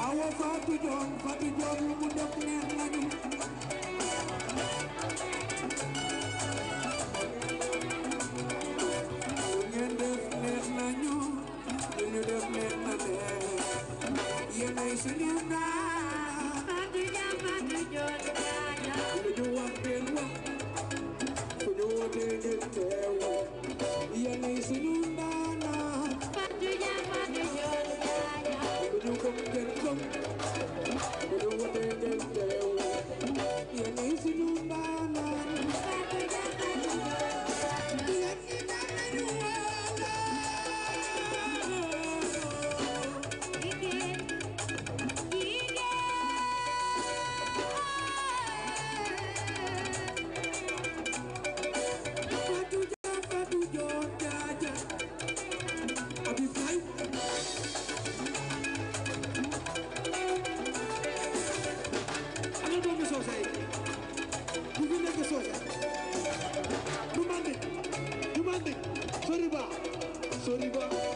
awo Fatou Dione Fatou Dione lu mu def neex nañu lu ngeen def neex nañu lu ñu def neex na leen yéen ay suñu naan Fatou Dione Fatou Dione gaana lu ñu wax ngeen wax lu ñu wootee ngeen teew yéen ay suñu Hey,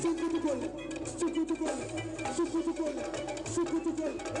so good to go. do.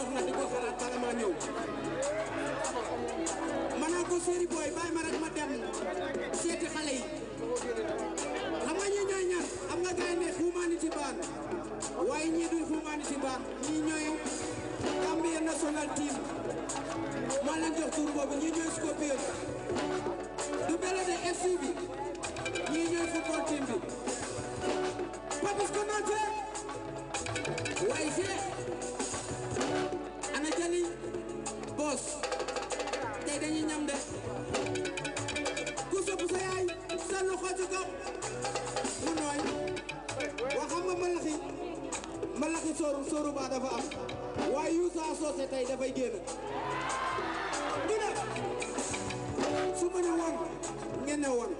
soxna di ko xalaat bala maa ñëw ma naa ko séeri booy bàyyi ma rek ma dem seeti xale yi xam nga ñi ñooy nga gars yi ne xumaani waaye ñii duñ xumaani ci baan ñooy Gambia national team maa leen jox tur boobu ñii ñooy Scorpion du bele de FC poos tey dañuy ñam de ku sopp sa yaay sa loxo ci mu nooy wa xam nga malaxi malaxi sooru sooru ba dafa am waaye Yuusa Soose tey dafay génn du ne su ma ngeen ne woon